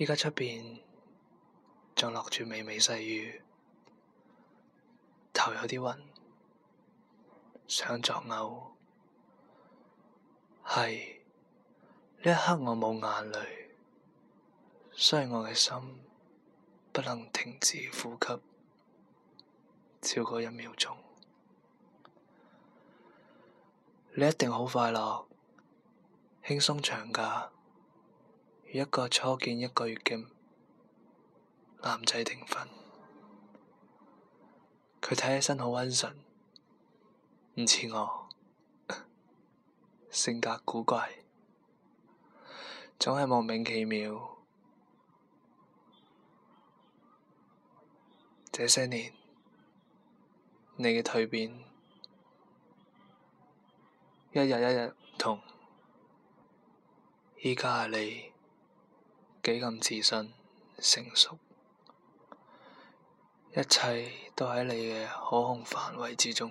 而家出邊仲落住微微細雨，頭有啲暈，想作嘔。係，呢一刻我冇眼淚，雖然我嘅心不能停止呼吸，超過一秒鐘。你一定好快樂，輕鬆長假。一個初見一個月嘅男仔訂婚，佢睇起身好溫順，唔似我性格古怪，總係，莫名其妙。這些年你嘅蛻變一日一日唔同，而家嘅你。幾咁自信、成熟，一切都喺你嘅可控範圍之中。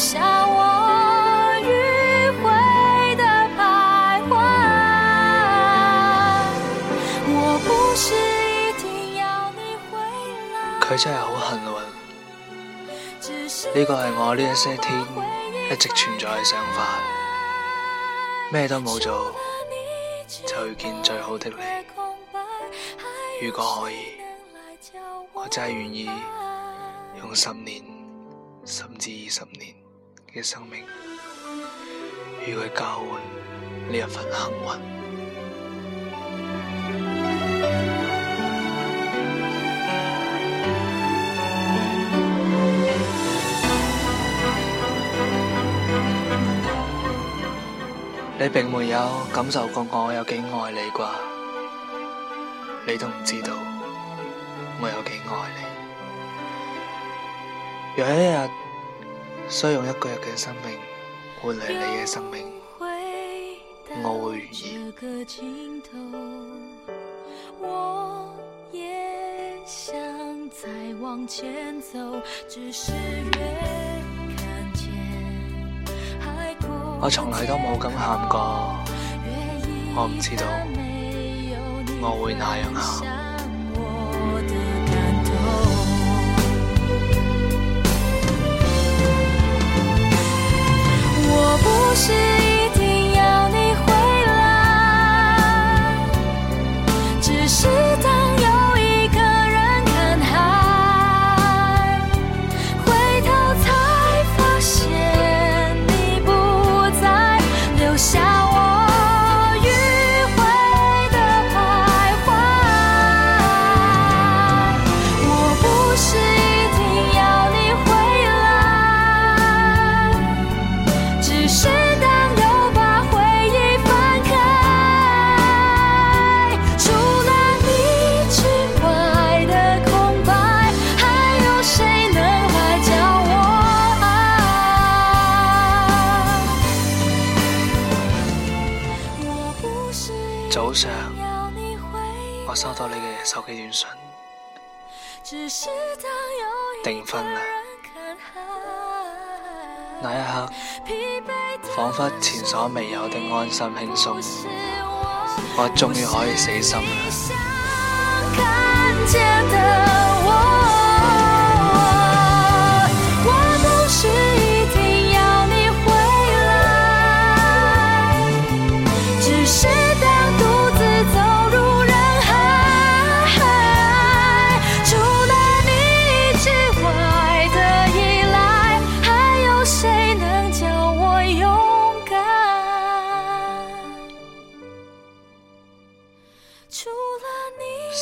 佢真係好幸運，呢個係我呢一些天一直存在嘅想法，咩都冇做，就遇見最好的你。如果可以，我真係願意用十年，甚至二十年。嘅生命，與佢交換呢一份幸運。你並沒有感受過我有幾愛你啩？你都唔知道我有幾愛你。若一日……需要用一個月嘅生命換嚟你嘅生命，會我會願意。我從來都冇咁喊過，我唔知道我會哪樣喊。收到你嘅手機短信，訂婚啦！那一刻，彷彿前所未有的安心輕鬆，我終於可以死心了。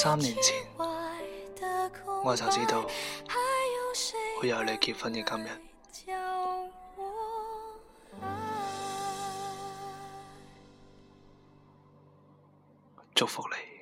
三年前，我就知道會有你結婚嘅今日，祝福你。